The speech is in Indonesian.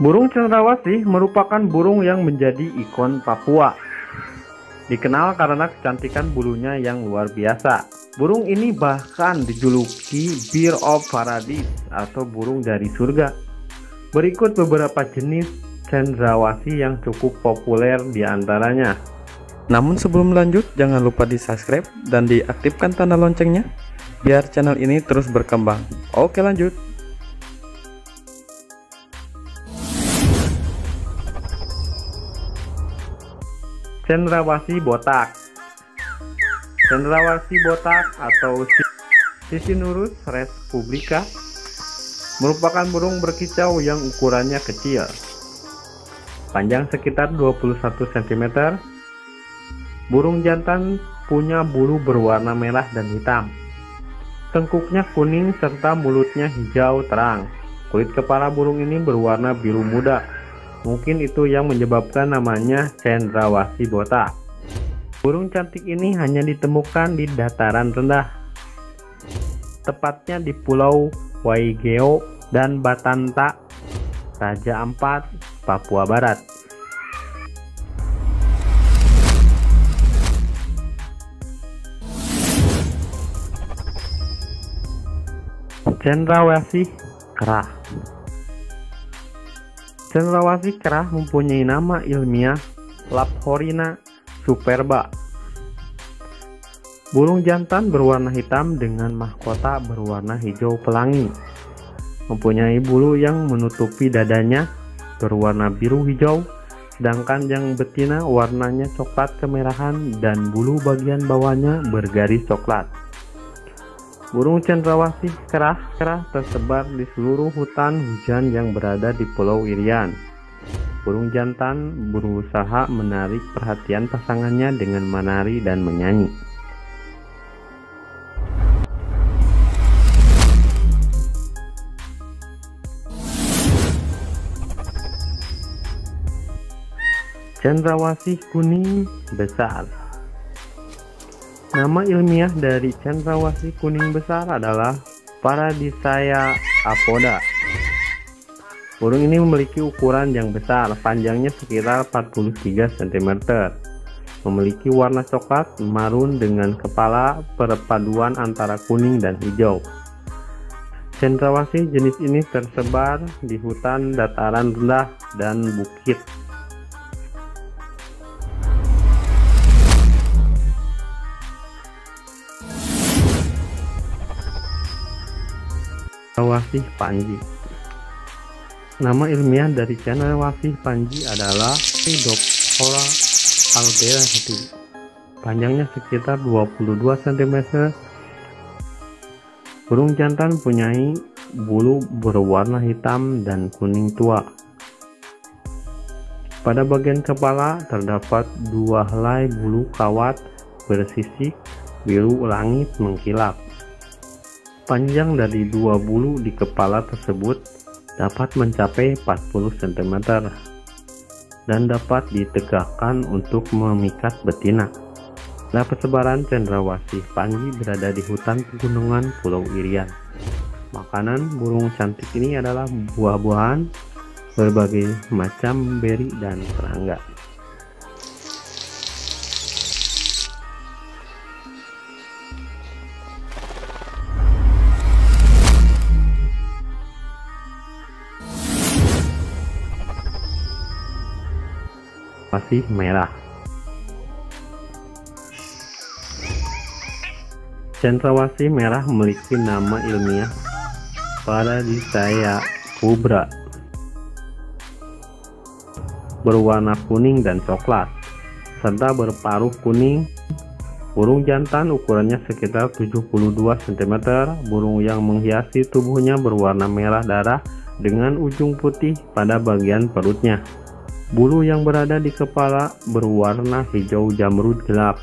Burung cendrawasih merupakan burung yang menjadi ikon Papua. Dikenal karena kecantikan bulunya yang luar biasa. Burung ini bahkan dijuluki Beer of Paradise atau burung dari surga. Berikut beberapa jenis cendrawasih yang cukup populer di antaranya. Namun sebelum lanjut, jangan lupa di subscribe dan diaktifkan tanda loncengnya biar channel ini terus berkembang. Oke lanjut. Cendrawasi botak Cendrawasi botak atau Sisinurus res publica merupakan burung berkicau yang ukurannya kecil panjang sekitar 21 cm burung jantan punya bulu berwarna merah dan hitam tengkuknya kuning serta mulutnya hijau terang kulit kepala burung ini berwarna biru muda Mungkin itu yang menyebabkan namanya cendrawasih botak. Burung cantik ini hanya ditemukan di dataran rendah, tepatnya di Pulau Waigeo dan Batanta, Raja Ampat, Papua Barat. Cendrawasih kerah Cendrawasih kerah mempunyai nama ilmiah Laphorina superba. Burung jantan berwarna hitam dengan mahkota berwarna hijau pelangi. Mempunyai bulu yang menutupi dadanya berwarna biru hijau, sedangkan yang betina warnanya coklat kemerahan dan bulu bagian bawahnya bergaris coklat. Burung cendrawasih kerah kerah tersebar di seluruh hutan hujan yang berada di Pulau Irian. Burung jantan berusaha menarik perhatian pasangannya dengan menari dan menyanyi. Cendrawasih kuning besar Nama ilmiah dari cendrawasih kuning besar adalah Paradisaya apoda. Burung ini memiliki ukuran yang besar, panjangnya sekitar 43 cm. Memiliki warna coklat marun dengan kepala perpaduan antara kuning dan hijau. Cendrawasih jenis ini tersebar di hutan dataran rendah dan bukit Wasih Panji Nama ilmiah dari channel Wasih Panji adalah Pseudopora alberati Panjangnya sekitar 22 cm Burung jantan punya bulu berwarna hitam dan kuning tua. Pada bagian kepala terdapat dua helai bulu kawat bersisik biru langit mengkilap. Panjang dari dua bulu di kepala tersebut dapat mencapai 40 cm dan dapat ditegakkan untuk memikat betina. Nah, persebaran cendrawasih Panji berada di hutan pegunungan Pulau Irian. Makanan burung cantik ini adalah buah-buahan, berbagai macam beri dan serangga. masih merah. Cendrawasih merah memiliki nama ilmiah Paradisea kubra berwarna kuning dan coklat serta berparuh kuning Burung jantan ukurannya sekitar 72 cm, burung yang menghiasi tubuhnya berwarna merah darah dengan ujung putih pada bagian perutnya. Bulu yang berada di kepala berwarna hijau jamrud gelap.